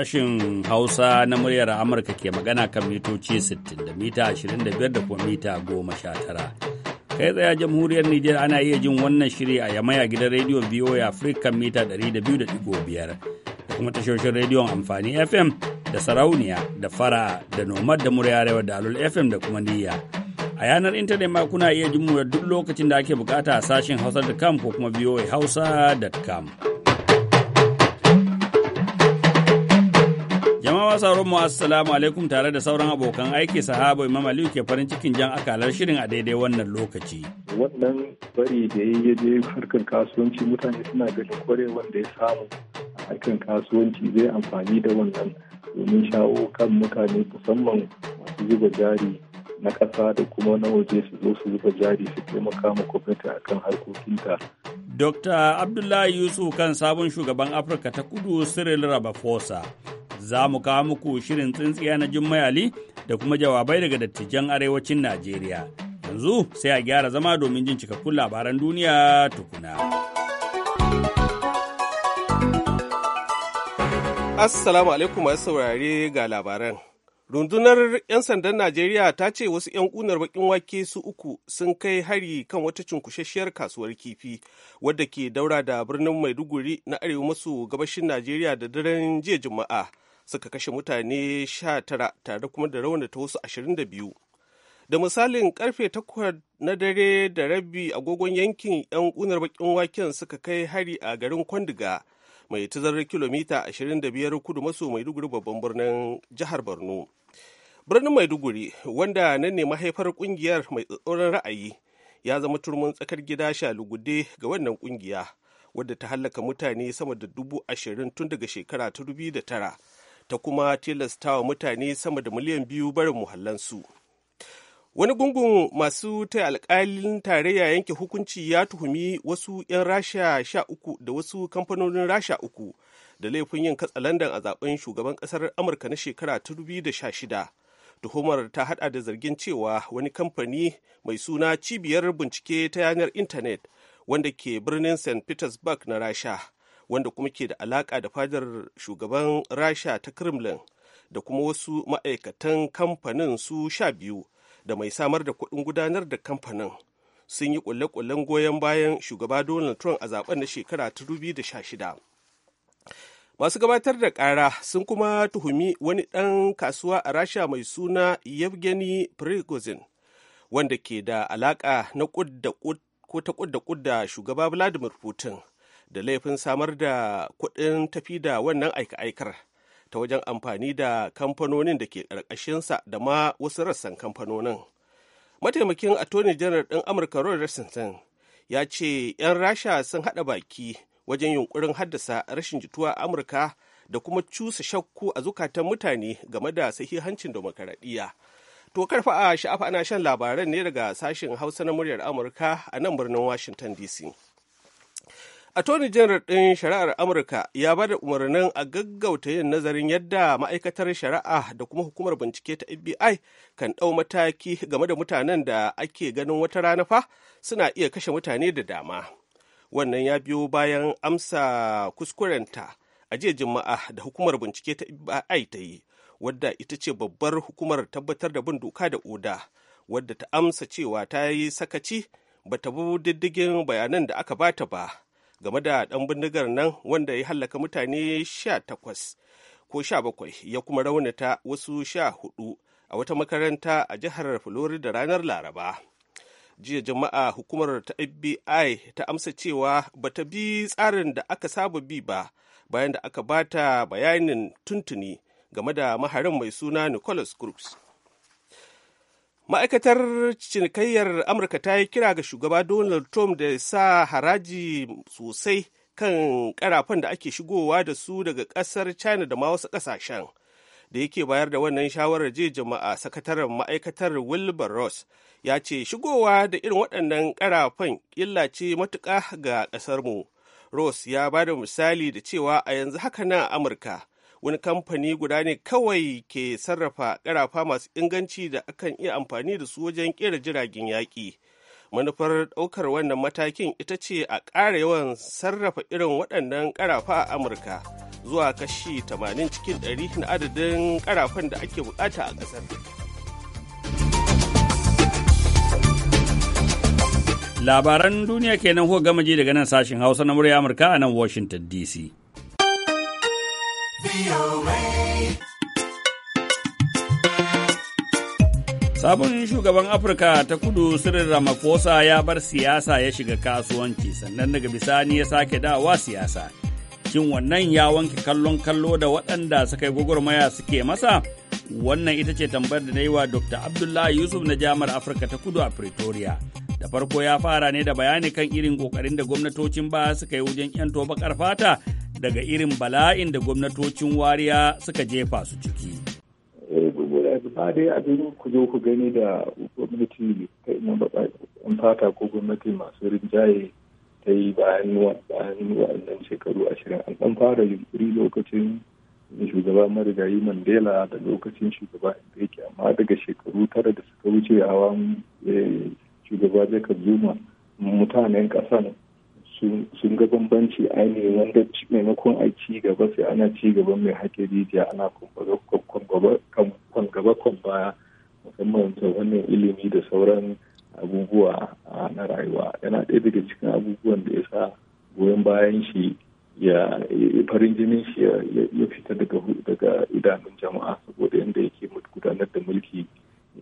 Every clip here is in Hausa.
sashin Hausa na muryar Amurka ke magana kan mitoci 60 da mita 25 da kuma mita 19. Kai tsaya jamhuriyar Nijar ana iya jin wannan shiri a yamaya gidan rediyon VOA Africa kan mita 200.5 da kuma tashoshin rediyon amfani FM da sarauniya da fara da nomad da murya arewa da alul FM da kuma niyya. A yanar intanet ma kuna iya jin mu duk lokacin da ake bukata a sashin hausa.com ko kuma VOA hausa.com. jama'a sauran mu assalamu alaikum tare da sauran abokan aiki sahabo Imam Aliyu ke farin cikin jan akalar shirin a daidai wannan lokaci. Wannan bari da ya je harkar kasuwanci mutane suna ganin kware wanda ya samu a harkar kasuwanci zai amfani da wannan domin shawo kan mutane musamman masu zuba jari na kasa da kuma na waje su zo su zuba jari su taimaka ma gwamnati kan harkokinta. Dr. Abdullahi Yusuf kan sabon shugaban Afirka ta kudu Cyril Ramaphosa. za mu kawo muku shirin tsintsiya na Jummai Ali da kuma jawabai daga dattijan arewacin Najeriya. Yanzu sai a gyara zama domin jin cikakkun labaran duniya tukuna. Assalamu alaikum masu saurare ga labaran. Rundunar 'yan sandan Najeriya ta ce wasu 'yan kunar bakin wake su uku sun kai hari kan wata cunkushasshiyar kasuwar kifi wadda ke daura da birnin Maiduguri na arewa maso gabashin Najeriya da daren jiya Juma'a. suka kashe mutane sha tara tare kuma da raunata wasu 22 da misalin karfe 8 na dare da rabi agogon yankin 'yan kunar bakin waken suka kai hari a garin kwandiga mai tazarar kilomita 25 kudu maso maiduguri babban birnin jihar borno birnin maiduguri wanda nan ne mahaifar kungiyar mai tsatsauran ra'ayi ya zama turmin tsakar gida shalugude ga wannan kungiya wadda ta hallaka mutane sama da dubu ashirin tun daga shekara ta dubi da tara ta kuma wa mutane sama da miliyan biyu barin muhallansu. Wani gungun masu taya alkalin tarayya yanke hukunci ya tuhumi wasu 'yan Rasha sha uku da wasu kamfanonin Rasha uku da laifin yin katsalandan a zaben shugaban kasar Amurka na shekara ta 2016. Tuhumar ta hada da zargin cewa wani kamfani mai suna cibiyar bincike ta yanar intanet wanda ke birnin St. Petersburg na Rasha wanda kuma ke da alaƙa da fadar shugaban rasha ta kremlin da kuma wasu ma'aikatan kamfanin su sha biyu da mai samar da kuɗin gudanar da kamfanin sun yi ƙulle kullen goyon bayan shugaba donald trump a zaben na shekara ta 2016 masu gabatar da ƙara sun kuma tuhumi wani ɗan kasuwa a rasha mai suna yevgeny prigozhin wanda ke da alaƙa na kud da shugaba vladimir putin da laifin samar da kuɗin tafi da wannan aika-aikar ta wajen amfani da kamfanonin da ke ƙarƙashinsa da ma wasu rassan kamfanonin. Mataimakin Attorney General ɗin Amurka Roy Rosenstein ya ce 'yan Rasha sun haɗa baki wajen yunkurin haddasa rashin jituwa a Amurka da kuma cusa shakku a zukatan mutane game da sahihancin demokaradiyya. To karfa a sha'afa ana shan labaran ne daga sashen Hausa na muryar Amurka a nan birnin Washington DC. Attorney General ɗin shari'ar Amurka ya bada umarnin a gaggauta yin nazarin yadda ma'aikatar shari'a da kuma hukumar bincike ta FBI kan ɗau mataki game da mutanen da ake ganin wata rana fa suna iya kashe mutane da dama. Wannan ya biyo bayan amsa kuskurenta a jiya Juma'a da hukumar bincike ta FBI ta yi, wadda ita ce babbar hukumar tabbatar da bin doka da oda, wadda ta amsa cewa ta yi sakaci bata bi diddigin bayanan da aka bata ba. game da ɗan bindigar nan wanda ya hallaka mutane sha takwas ko sha bakwai ya kuma raunata wasu sha hudu a wata makaranta a jihar Florida ranar Laraba. Jiya jama'a hukumar ta FBI ta amsa cewa bata bi tsarin da aka saba bi ba bayan da aka bata bayanin tuntuni game da maharin mai suna Nicholas Cruz. ma'aikatar cinikayyar amurka ta yi kira ga shugaba donald trump da sa haraji sosai kan karafan da ake shigowa da su daga kasar china da ma wasu kasashen da yake bayar da wannan shawarar je jama'a sakataren ma'aikatar wilbur ross ya ce shigowa da irin waɗannan karafan illa ce matuƙa ga ƙasarmu ross ya ba da misali da cewa a yanzu haka nan amurka wani kamfani guda ne kawai ke sarrafa karafa masu inganci da akan iya amfani da su wajen kera jiragen yaƙi manufar ɗaukar wannan matakin ita ce a ƙara yawan sarrafa irin waɗannan karafa a amurka zuwa kashi 80 cikin 100 na adadin karafan da ake bukata a ƙasar labaran duniya kenan kuka gama daga nan sashen hausa na murya amurka a nan washington dc Sabon shugaban Afirka ta kudu sirrin Ramaphosa ya bar siyasa ya shiga kasuwanci sannan daga bisani ya sake dawa siyasa. Shin wannan ya wanke kallon kallo da waɗanda suka yi gwagwarmaya suke masa? Wannan ita ce tambayar da na yi wa Dr. Abdullahi Yusuf na jamar Afirka ta kudu a Pretoria. Da farko ya fara ne da bayani kan irin ƙoƙarin da gwamnatocin ba suka yi wajen 'yan tobakar fata daga irin bala'in da gwamnatocin wariya suka jefa su ciki. Eh, eh, ba dai abin ku zo ku gani da gwamnati ta ina an fata ko gwamnati masu rinjaye ta yi bayan wa'annan shekaru ashirin an ɗan fara yunkuri lokacin shugaba marigayi mandela da lokacin shugaba yake amma daga shekaru tara da suka wuce hawan eh, shugaba jacob zuma mutanen ƙasa sun ga bambanci ainihin wanda maimakon a ci gaba sai ana ci gaba mai haƙe rijiya ana kwangaba baya musamman ta wannan ilimi da sauran abubuwa na rayuwa yana ɗaya daga cikin abubuwan da ya sa goyon bayan shi ya farin jinin shi ya fita daga idanun jama'a saboda yadda yake gudanar da mulki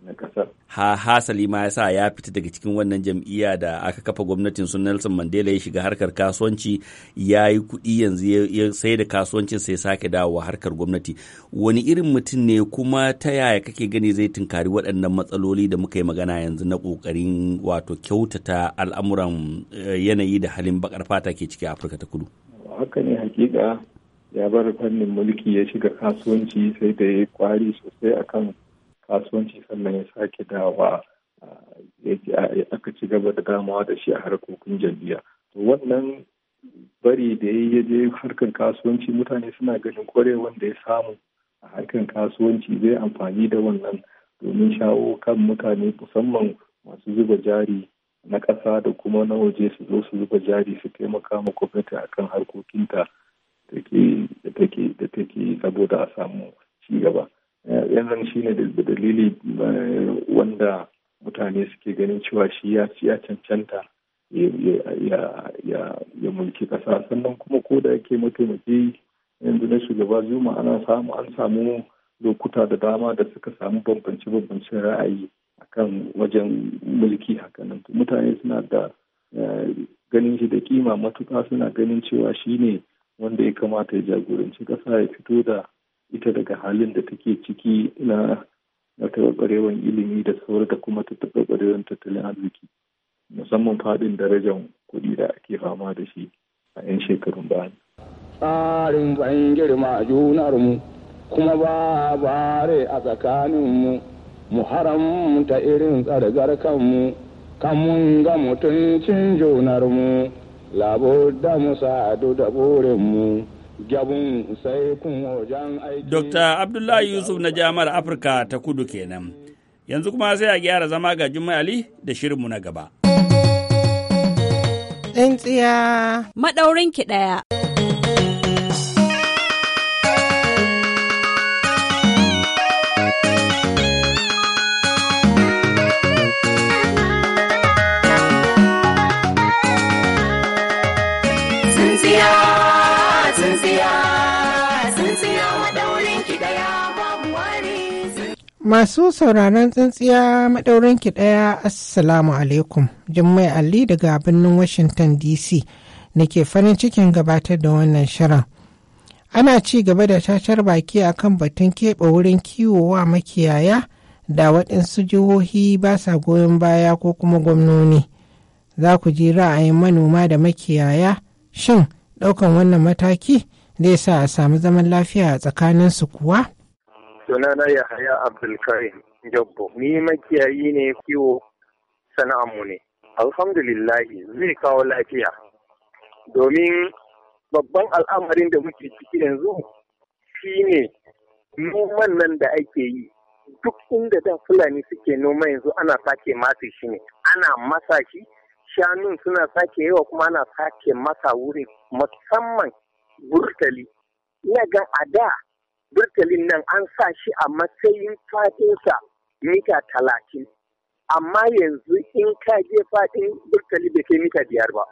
na ƙasar ha hasali ma ya sa ya fita daga cikin wannan jam'iyya da aka kafa gwamnatin sun Nelson Mandela ya shiga harkar kasuwanci ya yi kuɗi yanzu ya sai da kasuwancin sai sake dawowa harkar gwamnati wani irin mutum ne kuma ta yaya kake gani zai tunkari waɗannan matsaloli da muka yi magana yanzu na ƙoƙarin wato kyautata al'amuran eh, yanayi da halin bakar fata ke ciki a Afirka ta Kudu haka ne hakika ya bar fannin mulki ya shiga kasuwanci sai da ya kwari sosai akan kasuwanci sannan ya sake dawa aka ci gaba da damawa da shi a harkokin jam'iyya to wannan bari da ya je harkar kasuwanci mutane suna ganin kwarewan da ya samu a harkar kasuwanci zai amfani da wannan domin shawo kan mutane musamman masu zuba jari na ƙasa da kuma na waje su zo su zuba jari su taimaka ma gwamnati kan harkokinta da take saboda a samu ci gaba. yanzu shi ne da dalili eh, wanda mutane suke ganin cewa shi ya cancanta ya mulki kasa sannan kuma ko da yake mataimaki yanzu na shugaba zuma ana samu an samu lokuta da dama da suka samu bambance-bambancen ra'ayi akan wajen mulki hakanan mutane suna da eh, ganin shi da kima matuka suna ganin cewa shi ne wanda ya kamata ya jagoranci ƙasa ya fito da ita daga halin da take ciki na taɓarɓarewar ilimi da sauran da kuma ta tattalin arziki musamman fadin darajar kuɗi da ake fama da shi a 'yan shekarun bayan. Tsarin ban girma junarmu kuma ba bare a tsakaninmu mu haramta irin tsargar kanmu kan mun ga mutuncin junarmu labo da mu da burinmu. Dr. Abdullahi Yusuf na jamar Afirka ta Kudu kenan. Yanzu kuma sai a gyara zama ga Jummai Ali da shirinmu na gaba. Tsintsiya. Maɗaurinki ɗaya. Masu sauraron tsintsiya maɗaurin ki ɗaya Assalamu alaikum. Jummai Ali daga birnin Washington DC ke farin cikin gabatar da wannan shirin. Ana ci gaba da tashar baki a kan batun keɓe wurin kiwo wa makiyaya da waɗansu jihohi ba sa goyon baya ko kuma gwamnoni. Za ku ji ra'ayin manoma da makiyaya shin ɗaukan wannan mataki zai sa a samu zaman lafiya a tsakaninsu kuwa? sunana Yahaya Abdulkarim Jabbo. Ni makiyayi ne kiwo sana'anmu ne. Alhamdulillahi zai kawo lafiya. Domin babban al'amarin da muke ciki yanzu shine ne noman nan da ake yi. Duk inda da Fulani suke noma yanzu ana sake masu shi ne. Ana masa shi, shanun suna sake yawa kuma ana sake masa wuri musamman burtali. Ina ga a da burtalin nan an sa shi a matsayin fatinsa mita talatin amma yanzu in ka je fadin burtali bai kai mita biyar ba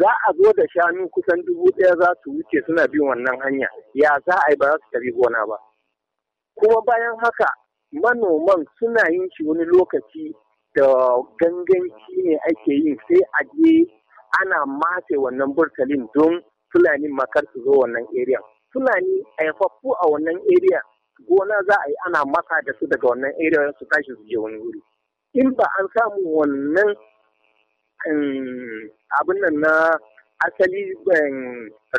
za a zo da shanu kusan dubu ɗaya za su wuce suna bin wannan hanya ya za a yi ba za su tafi gona ba kuma bayan haka manoman suna yin shi wani lokaci da ganganci ne ake yin sai a je ana matse wannan burtalin don fulanin makar su zo wannan area. fulani a eh, haifaffu a wannan area gona za a yi ana maka da su daga wannan area su tashi su je wani wuri in ba an samu wannan abin nan na asali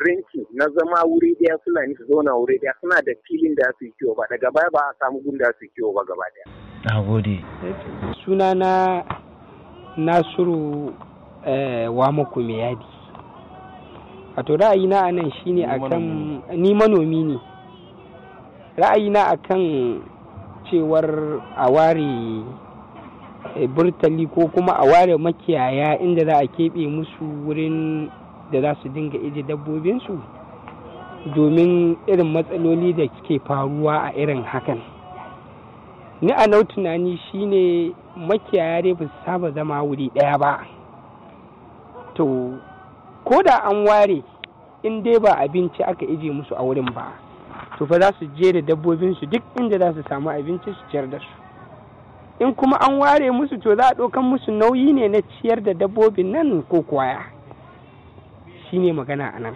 rinki na zama wuri daya fulani su zauna wuri daya suna da filin da su yi kiwo ba daga baya ba a samu gun da su yi kiwo ba gaba daya na gode sunana nasiru eh, wamakumiyadi wato ra'ayina a nan shine akan ni manomi ne ra'ayina kan cewar a ware eh, burtali ko kuma a ware makiyaya inda za a keɓe musu wurin da za su dinga ije dabbobinsu domin irin matsaloli da ke faruwa a irin hakan ni a nau tunani shine makiyaya dai ba su saba zama wuri ɗaya ba to ko da an ware in dai ba abinci aka ije musu a wurin ba to fa za su je da dabbobinsu duk inda za su samu abinci su ciyar da su in kuma an ware musu to za a ɗaukan musu nauyi ne na ciyar da dabbobin nan ko kwaya shi ne magana a nan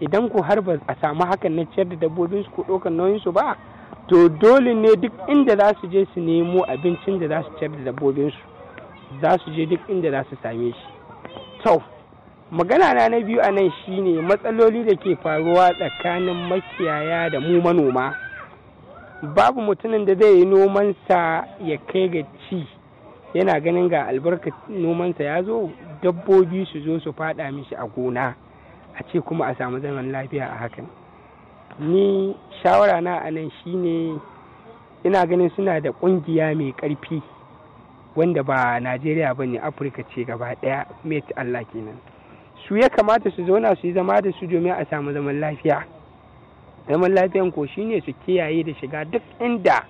idan ku har ba a samu hakan na ciyar da dabbobin su ko ɗaukan nauyin su ba to dole ne duk inda za su je su nemo abincin da za su ciyar da dabbobin su za su je duk inda za su same shi to magana na na biyu a nan shine matsaloli da ke faruwa tsakanin makiyaya da mu manoma babu mutumin da zai yi nomansa ya kai ga ci yana ganin ga albarka nomansa ya zo dabbobi su zo su fada mishi a gona a ce kuma a samu zaman lafiya a hakan ni shawara na a nan shine ina ganin suna da kungiya mai karfi wanda ba najeriya ba ne afirka ce gaba daya met allah kenan su ya kamata su zauna su yi zama da su domin a samu zaman lafiya zaman lafiyan ko shine su kiyaye da shiga duk inda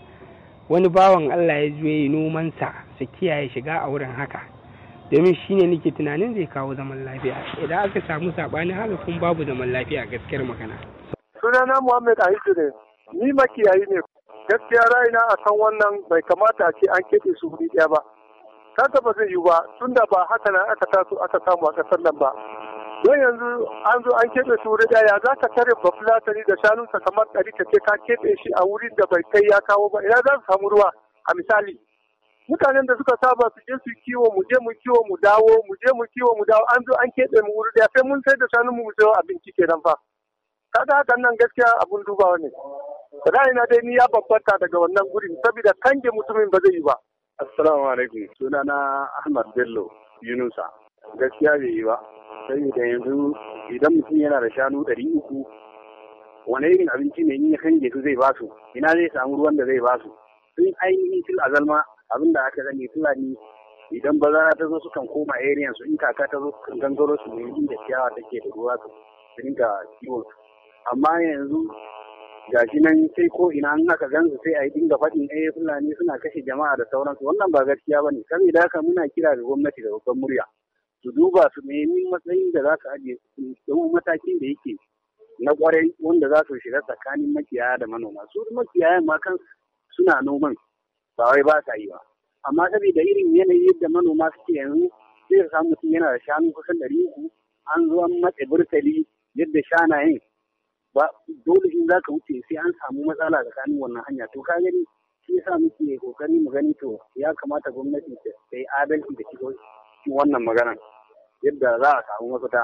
wani bawan Allah ya zo yi nomansa su kiyaye shiga a wurin haka domin shine nake tunanin zai kawo zaman lafiya idan aka samu saɓani haka babu zaman lafiya gaskiyar magana sunana Muhammad Aisha ne ni makiyayi ne gaskiya ra'ayina akan wannan bai kamata a ce an keɓe su wuri ba Ta ba zai yiwu ba tunda ba haka nan aka taso aka samu a ƙasar nan ba don yanzu an zo an keɓe su wuri ɗaya za ka tare bafulatani da shanunsa kamar ɗari ka ce ka keɓe shi a wurin da bai kai ya kawo ba ina za su samu ruwa a misali mutanen da suka saba su je su kiwo mu je mu kiwo mu dawo mu je mu kiwo mu dawo an zo an keɓe mu wuri ɗaya sai mun sai da shanunmu mu sayo abinci nan fa kaga hakan nan gaskiya abun dubawa ne ra'ayina dai ni ya babbanta daga wannan gurin saboda kange mutumin ba zai yi ba assalamu alaikum sunana ahmad bello yunusa gaskiya bai yi ba saboda yanzu idan mutum yana da shanu ɗari uku wani irin abinci mai in kan gefe su zai basu ina zai samu ruwan da zai basu sun ainihin fil azalma abin da aka gani fulani idan bazara ta zo sukan koma area su in kaka ta zo sukan gangaro su ne inda ciyawa take da ruwa su dinga kiwon su amma yanzu gashi nan sai ko ina an aka gansu sai a yi dinga faɗin eh fulani suna kashe jama'a da sauransu wannan ba gaskiya bane saboda haka muna kira ga gwamnati da babban murya su duba su nemi matsayin da za su ajiye su matakin da yake na kwarai wanda za su shiga tsakanin makiyaya da manoma su makiyayan ma kan suna noman ba wai ba sa yi ba amma saboda irin yanayi yadda manoma suke yanzu sai ka samu mutum yana da shanu kusan ɗari uku an zo an matse burtali yadda shanayen ba dole in za ka wuce sai an samu matsala tsakanin wannan hanya to ka gani shi yasa muke kokari mu gani to ya kamata gwamnati ta yi adalci da shigo cikin wannan maganar yadda za a samu mafita.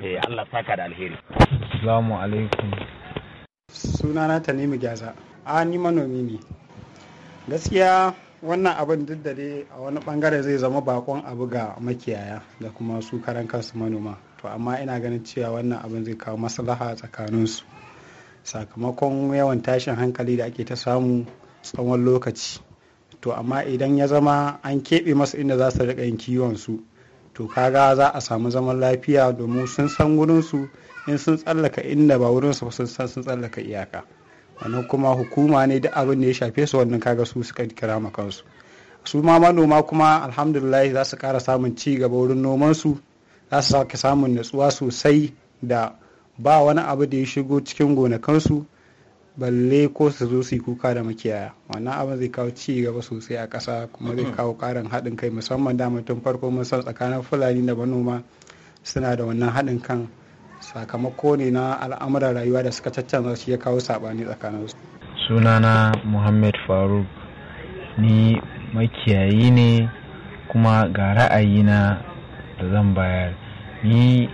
Eh Allah saka da alheri. Assalamu alaikum. Sunana Tanimu Gyaza. A ni manomi ne. Gaskiya wannan abin duk da dai a wani bangare zai zama bakon abu ga makiyaya da kuma su karan kansu manoma. To amma ina ganin cewa wannan abin zai kawo maslaha tsakaninsu. Sakamakon yawan tashin hankali da ake ta samu tsawon lokaci. to amma idan ya zama an keɓe masa inda za su riƙa yin kiwon su to kaga za a samu zaman lafiya domin sun san wurinsu in sun tsallaka inda ba wurinsu sun san sun tsallaka iyaka wannan kuma hukuma ne duk abin da ya shafe su wannan kaga su suka kira ma kansu su ma manoma kuma alhamdulillah za su kara samun ci gaba wurin nomansu za su sake samun natsuwa sosai da ba wani abu da ya shigo cikin gonakansu balle ko su zo su yi kuka da makiyaya wannan abin zai kawo ci gaba sosai a ƙasa kuma zai kawo ƙarin haɗin kai musamman da tun farko mun san tsakanin fulani da manoma suna da wannan haɗin kan sakamako ne na al'amuran rayuwa da suka caccanza shi ya kawo saɓani tsakanin su. sunana muhammad faruk ni makiyayi ne kuma ga ra'ayi na da zan bayar ni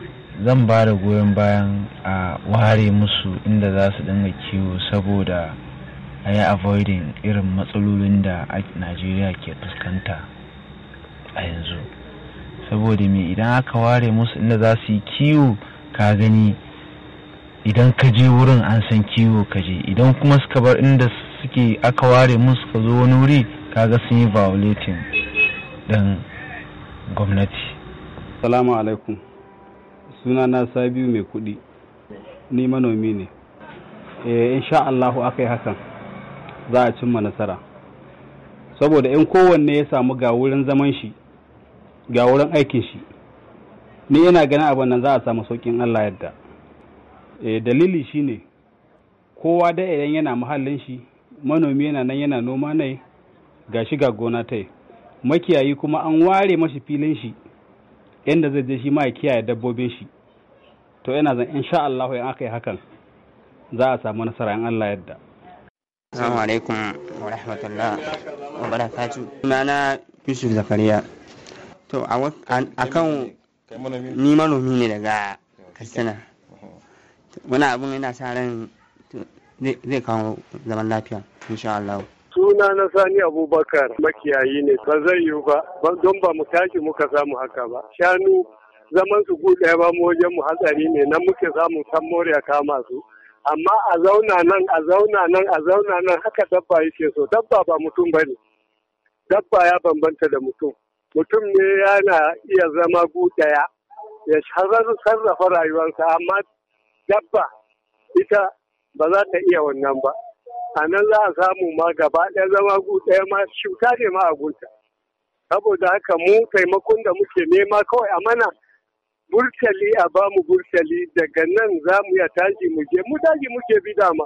zan ba da goyon bayan a ware musu inda za su dinga kiwo saboda a yi avoiding irin matsalolin da najeriya ke fuskanta a yanzu saboda me idan aka ware musu inda za su yi kiwo ka gani idan ka je wurin an san kiwo ka je idan kuma suka bar inda suke aka ware musu ka zo wani wuri kaga sun yi violating ɗin gwamnati salamu alaikum suna sunana sabiu mai kuɗi ni manomi ne eh, insha Allahu aka yi hakan za a cimma nasara saboda in kowanne ya samu ga wurin zaman shi ga wurin aikin shi ni yana ganin abin nan za a samu saukin Allah yadda eh, dalili shine kowa da idan yana muhallin shi manomi yana nan yana noma ne ga shi ga gona ta makiyayi kuma an ware mashi filin shi inda zai je shi ma ya kiyaye dabbobin shi to yana zan insha Allah in aka yi hakan za a samu nasara in Allah yadda Assalamu alaikum wa rahmatullah wa barakatu. Mana Yusuf Zakariya. To a kan ni manomi ne daga Katsina. Wani abun yana sa ran zai kawo zaman lafiya insha Allah. Suna na Sani Abubakar makiyayi ne ba zai yiwu ba don ba mu tashi muka samu haka ba. Shanu zaman su gu ɗaya ba mu wajen mu hatsari ne nan muke samun san moriya kama su amma a zauna nan a zauna nan a zauna nan haka dabba yake so dabba ba mutum bane dabba ya bambanta da mutum mutum ne yana iya zama gu ɗaya ya sarrafa rayuwarsa amma dabba ita ba za ta iya wannan ba a nan za a samu ma gaba ɗaya zama gu ɗaya ma cuta ne ma a gunta saboda haka mu taimakon da muke nema kawai a mana burtali a ba mu burtali daga nan za mu ya tashi mu je mu dage muke bi dama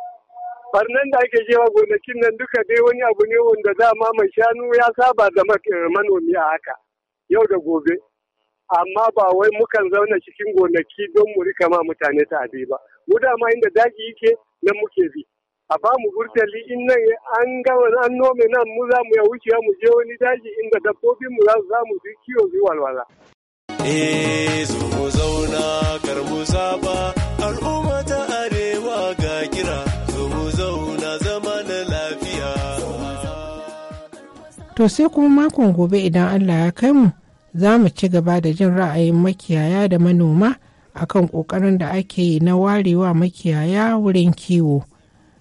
farnan da ake jewa gonakin nan duka dai wani abu ne wanda dama mai shanu ya saba da eh, manomi a haka yau da gobe amma ba wai mukan zauna cikin gonaki don mu rika ma mutane ta abi ba mu dama inda daji yake nan muke bi a ba mu burtali in nan an gawa an nome nan mu za mu ya wuce mu je wani daji inda dabbobin mu za mu kiwo zuwa walwala eh zo zauna kar mu arewa ga kira zo zama na lafiya to sai kuma makon gobe idan Allah ya kai mu za mu ci gaba da jin ra'ayin makiyaya da manoma a kan ƙoƙarin da ake yi na warewa makiyaya wurin kiwo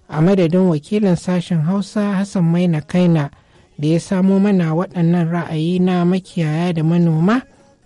a madadin wakilin sashen hausa hassan maina kaina da ya samo mana waɗannan ra'ayi na makiyaya da manoma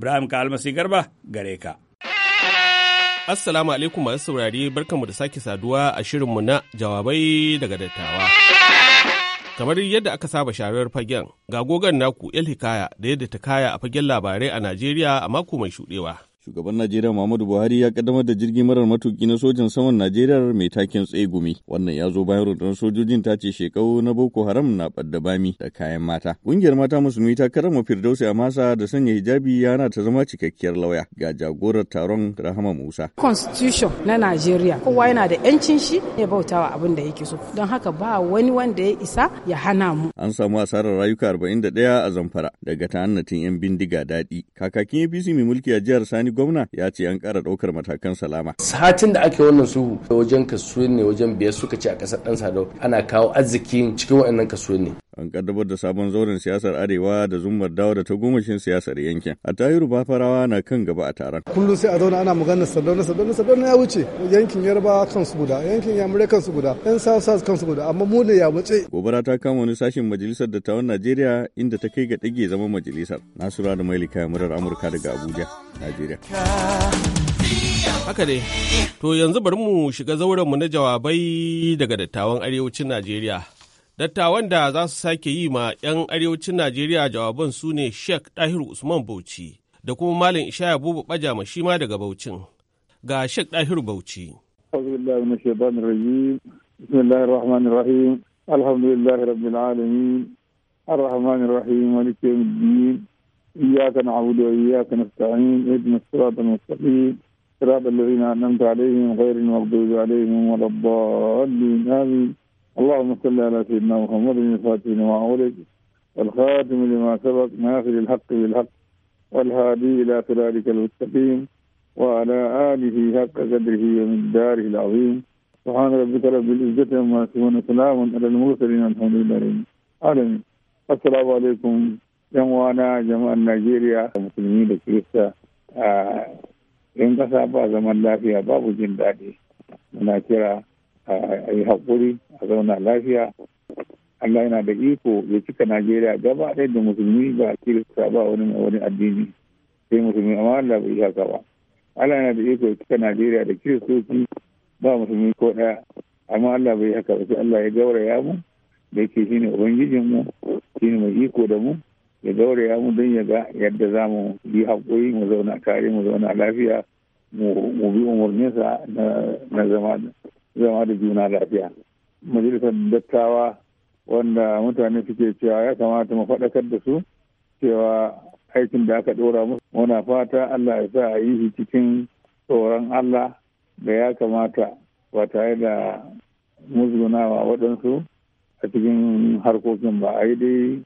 Ibrahim ka almasi garba gare ka. Assalamu alaikum masu saurari barkanmu da sake saduwa a shirinmu na jawabai daga dattawa. Kamar yadda aka saba sharar fagen, ga gogon naku El Hikaya da yadda ta kaya a fagen labarai a Najeriya a mako mai shuɗewa. Shugaban Najeriya Muhammadu Buhari ya kaddamar da jirgin marar matuki na sojan saman Najeriya mai taken tsegumi. Wannan ya zo bayan rundunar sojojin ta ce shekau na Boko Haram na ɓadda bami da kayan mata. Ƙungiyar mata musulmi ta karama Firdausi a masa da sanya hijabi yana ta zama cikakkiyar lauya ga jagorar taron Rahama Musa. Constitution na Najeriya kowa yana da 'yancin shi ya bautawa abin da yake so. Don haka ba wani wanda ya isa ya hana mu. An samu asarar rayuka arba'in da daya a Zamfara daga ta'annatin 'yan bindiga daɗi. Kakakin APC mai mulki a jihar Sani gwamna ya ce an ƙara ɗaukar matakan salama. Satin da ake wannan su wajen kasuwan wajen biyar suka ce a ƙasar ɗan sadau ana kawo arzikin cikin waɗannan kasuwan ne. an kaddamar da sabon zauren siyasar arewa da zumar dawa da tagomashin siyasar yankin a tayiru farawa na kan gaba a taron kullum sai a zauna ana magana sardauna sardauna sardauna ya wuce yankin yarba kansu guda yankin yamurai kansu guda yan south south kansu guda amma mu ne wuce. gobara ta kama wani sashen majalisar dattawan najeriya inda ta kai ga ɗage zaman majalisar nasura da mailika murar amurka daga abuja najeriya Haka dai, to yanzu bari mu shiga zauren mu na jawabai daga dattawan arewacin Najeriya. Dattawan da za su sake yi ma 'yan arewacin Najeriya jawaban su ne Sheikh Dahiru Usman Bauchi da kuma Malam Ishaya buba Bajama shi ma daga Baucin. Ga Sheikh Dahiru Bauchi. Bismillahirrahmanirrahim. Alhamdulillahi rabbil alamin. الرحمن الرحيم مالك يوم الدين إياك نعبد وإياك نستعين اهدنا الصراط المستقيم صراط الذين أنعمت عليهم غير المغضوب عليهم ولا الضالين آمين اللهم صل على سيدنا محمد الفاتح لما أولد الخاتم لما سبق ناخذ الحق بالحق والهادي إلى صراطك المستقيم وعلى آله حق قدره ومن داره العظيم سبحان ربك رب العزة عما يصفون سلام على المرسلين الحمد لله العالمين السلام عليكم جمعنا جمع نيجيريا المسلمين الكريستا Kirista آه، a 'yan لا فيها باب lafiya babu jin a yi haƙuri a zauna lafiya Allah yana da iko ya cika Najeriya gaba ɗaya da musulmi ba kirista ba wani wani addini sai musulmi amma Allah bai yi haka ba Allah yana da iko ya cika Najeriya da kiristoci ba musulmi ko ɗaya amma Allah bai yi haka ba sai Allah ya gauraya mu da yake shine ubangijin mu shine mai iko da mu ya gauraya mu don ya ga yadda za mu yi haƙuri mu zauna tare mu zauna lafiya mu bi umarninsa na zama zama da juna lafiya majalisar dattawa wanda mutane suke cewa ya kamata mu faɗakar da su cewa aikin da aka ɗora musu muna fata Allah ya sa a yi shi cikin tsoron Allah da ya kamata ba tare da musgunawa waɗansu a cikin harkokin ba a yi dai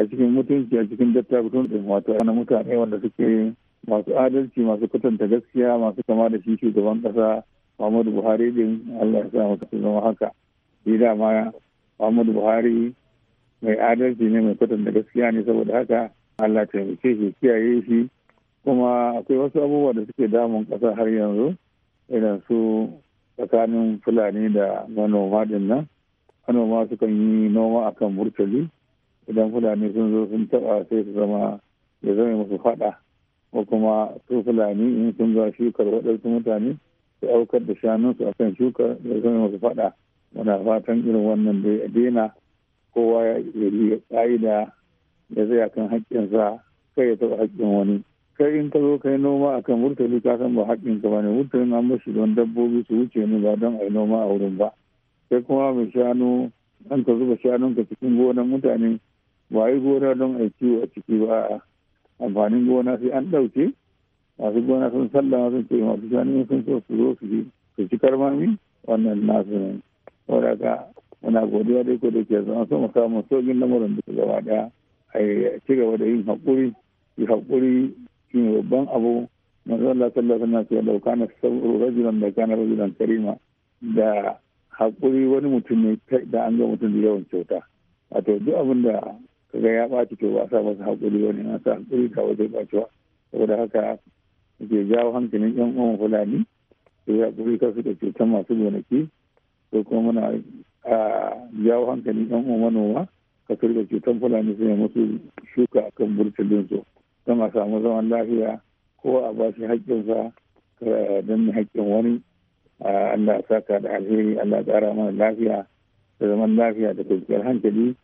a cikin mutunci a cikin dattakutun ɗin wato mutane wanda suke masu adalci masu kwatanta gaskiya masu kama da shi shugaban ƙasa Muhammadu Buhari din Allah ya sa maka zama haka shi dama Muhammadu Buhari mai adalci ne mai kwatanta gaskiya ne saboda haka Allah ta taimake shi kiyaye shi kuma akwai wasu abubuwa da suke damun ƙasa har yanzu irin su tsakanin fulani da manoma din nan manoma sukan yi noma akan murtali idan fulani sun zo sun taɓa sai su zama ya zama musu faɗa ko kuma su fulani in sun zo shukar waɗansu mutane su aukar da shanunsu a kan shuka da zama masu faɗa muna fatan irin wannan da ya daina kowa ya yi ƙa'ida ya zai akan haƙƙinsa kai ya taɓa haƙƙin wani kai in ka zo kai noma a kan wurtali ka san ba haƙƙin ka ne wurtalin an mashi don dabbobi su wuce ni ba don a yi noma a wurin ba sai kuma mai shanu an ka zuba shanunka cikin gonan mutane ba yi gona don a yi kiwo a ciki ba amfanin gona sai an ɗauke masu gona sun salla masu ce masu shanu sun so su zo su su ci karmami wannan nasu ne saboda muna godiya dai ko da ke zama so mu kawo sojin lamurin da gaba daya a ci gaba da yin haƙuri yi haƙuri shi ne babban abu manzo Allah sallallahu alaihi wasallam da na sabru rajulan da kana rajulan karima da haƙuri wani mutum ne da an ga mutum da yawan kyauta wato duk abin da kaga ya ɓaci to ba sa masa haƙuri wani na sa haƙuri ka wajen ɓacewa saboda haka ke jawo hankalin yan uwan fulani su ya kuri kasu da cutar masu gonaki ko kuma muna jawo hankalin yan uwan manoma kasu da cutar fulani su ya musu shuka kan kan burtulinsu don a samu zaman lafiya ko a ba shi haƙƙinsa don haƙƙin wani Allah saka da alheri Allah tsara mana lafiya da zaman lafiya da kwanciyar hankali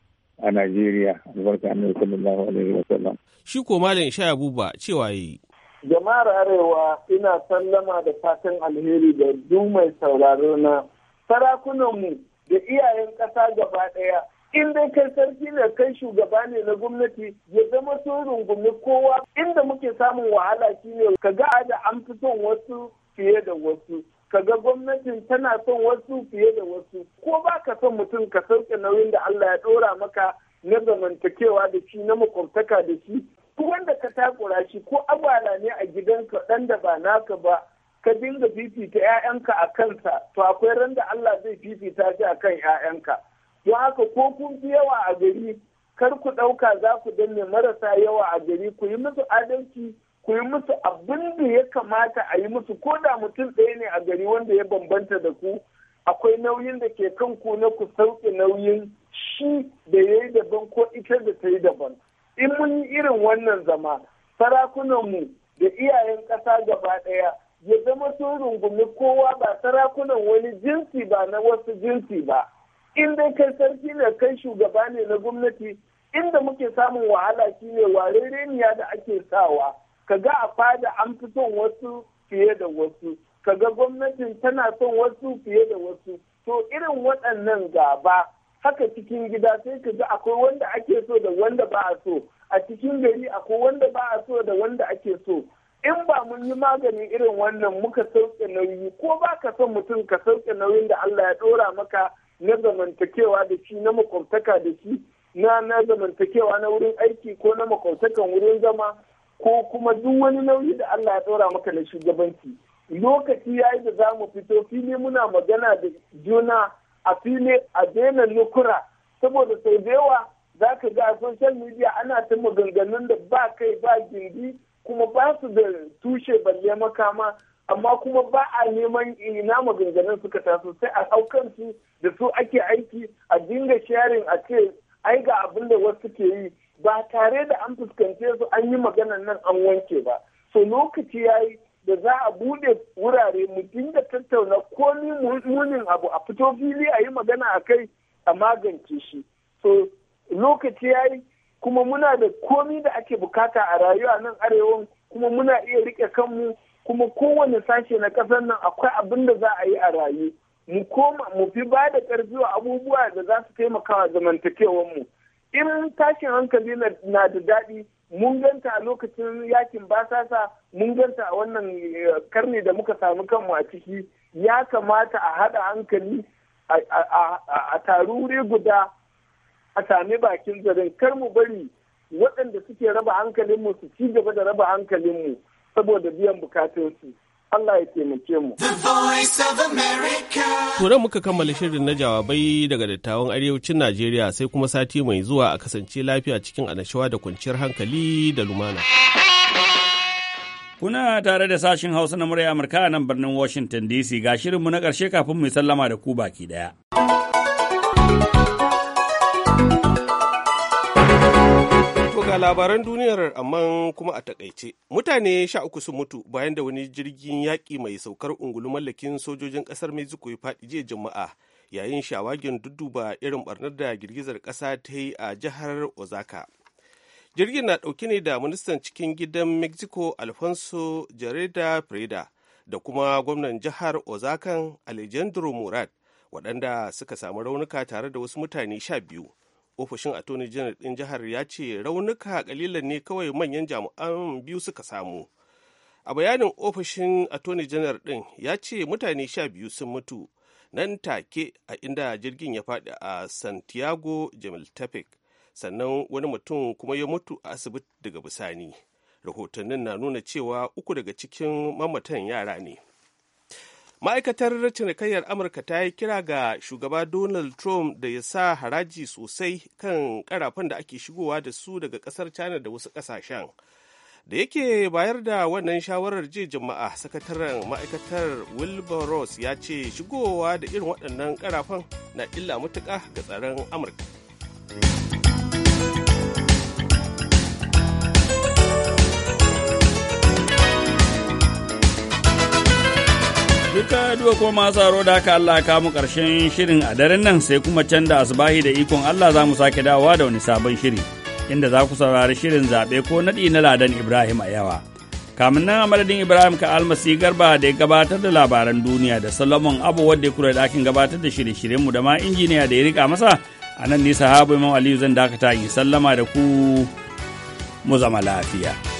a Najeriya albarka annabi sallallahu alaihi wa sallam shi ko malam Isha Abuba cewa yi jama'ar arewa ina sallama da fatan alheri da mai sauraro na sarakunanmu da iyayen ƙasa gaba ɗaya in dai kai sarki ne kai shugaba ne na gwamnati ya zama sun rungumi kowa inda muke samun wahala shine ka ga da an fi son wasu fiye da wasu Ka ga gwamnatin tana son wasu fiye da wasu ko ba ka son mutum ka sauke nauyin da Allah ya ɗora maka na zamantakewa da shi na makwabtaka da shi duk wanda ka takura shi ko abala ne a gidanka ɗan da ba naka ba ka dinga fifita 'ya'yanka a kansa to akwai ran da Allah zai fifita shi a kan 'ya'yanka don haka ko kun fi yawa a gari kar ku ɗauka za ku danne marasa yawa a gari ku yi musu adalci ku yi musu abin da ya kamata a yi musu ko da mutum ɗaya ne a gari wanda ya bambanta da ku akwai nauyin da ke kan ku na ku sauke nauyin shi da ya yi daban ko ita da ta yi daban in mun yi irin wannan zama sarakunanmu da iyayen ƙasa gaba ɗaya ya zama sun rungumi kowa ba sarakunan wani jinsi ba na wasu jinsi ba in dai kai sarki ne kai shugaba ne na gwamnati inda muke samun wahala shine warereniya da ake sawa kaga a fada an fi son wasu fiye da wasu kaga gwamnatin tana son wasu fiye da wasu to irin waɗannan gaba haka cikin gida sai ka ga akwai wanda ake so da wanda ba a so a cikin gari akwai wanda ba a so da wanda ake so in ba mun yi maganin irin wannan muka sauke nauyi ko ba ka son mutum ka sauke nauyin da Allah ya ɗora maka na zamantakewa da shi na makwabtaka da shi na na zamantakewa na wurin aiki ko na makwabtakan wurin zama ko kuma duk wani nauyi da Allah ya dora maka na shugabanci lokaci yayi da za mu fito fili muna magana da juna a fili a daina lukura saboda sau da yawa za ka ga a social media ana ta maganganun da ba kai ba gindi kuma ba su da tushe balle makama amma kuma ba a neman ina maganganun suka taso sai a haukan su da su ake aiki a dinga sharing a ce ai ga abin da wasu ke yi ba tare da an fuskance su an yi maganan nan an wanke ba so lokaci ya yi da za a bude wurare mu dinga tattauna komi munin abu a fito fili a yi magana a kai a magance shi so lokaci ya yi kuma muna da komi da ake bukata a rayuwa nan arewan kuma muna iya rike kanmu kuma kowane sashe na ƙasar nan akwai abin da za a yi a rayu mu koma mu fi ba da ƙarfi wa abubuwa da za su taimaka wa zamantakewanmu in tashin hankali na da daɗi mun ganta a lokacin yakin basasa mun ganta a wannan eh, karni da muka samu kanmu a ciki ya kamata a haɗa hankali a taru wuri guda a sami bakin zarin kar mu bari waɗanda suke raba hankalinmu su ci gaba da raba hankalinmu saboda biyan bukatunsu. Allah ya taimake mu. Tura muka kammala shirin na jawabai daga dattawan arewacin Najeriya sai kuma sati mai zuwa a kasance lafiya cikin annashawa da kwanciyar hankali da lumana. Kuna tare da sashin Hausa na murya Amurka nan birnin Washington DC ga shirinmu na ƙarshe kafin mu sallama da ku baki ɗaya. Ga labaran duniyar amma kuma a takaice. Mutane sha uku sun mutu bayan da wani jirgin yaƙi mai saukar ungulu mallakin sojojin ƙasar Mexico ya faɗi jiya Juma'a yayin shawagin dudduba irin barnar da girgizar ƙasa ta yi a jihar Oaxaca. Jirgin na ɗauke ne da ministan cikin gidan Mexico Alfonso Jareda freda da kuma gwamnan jihar Oaxaca Alejandro murad waɗanda suka samu raunuka tare da wasu mutane sha biyu. ofishin attorney general ɗin jihar ya ce raunuka kalilan ne kawai manyan jami'an biyu suka samu a bayanin ofishin attorney general ɗin ya ce mutane sha biyu sun mutu nan take a inda jirgin ya faɗi a santiago jamiltepec sannan wani mutum kuma ya mutu a asibiti daga bisani rahotannin na nuna cewa uku daga cikin mamatan yara ne ma'aikatar cinikayyar amurka ta yi kira ga shugaba donald trump da ya sa haraji sosai kan karafan da ake shigowa da su daga kasar china da wasu kasashen da yake bayar da wannan shawarar jiya jama'a sakataren ma'aikatar wilbur ross ya ce shigowa da irin waɗannan karafan na illa matuƙa ga tsaron amurka duka duka ko masu tsaro da haka Allah ka mu karshen shirin a daren nan sai kuma can da asbahi da ikon Allah za mu sake dawowa da wani sabon shiri inda za ku saurari shirin zaɓe ko naɗi na ladan Ibrahim a yawa. Kamin nan a madadin Ibrahim ka almasi garba da ya gabatar da labaran duniya da Solomon Abu wadda ya kura ɗakin gabatar da shirye mu da ma injiniya da ya rika masa a nan nisa habu Imam Aliyu zan dakata in sallama da ku mu zama lafiya.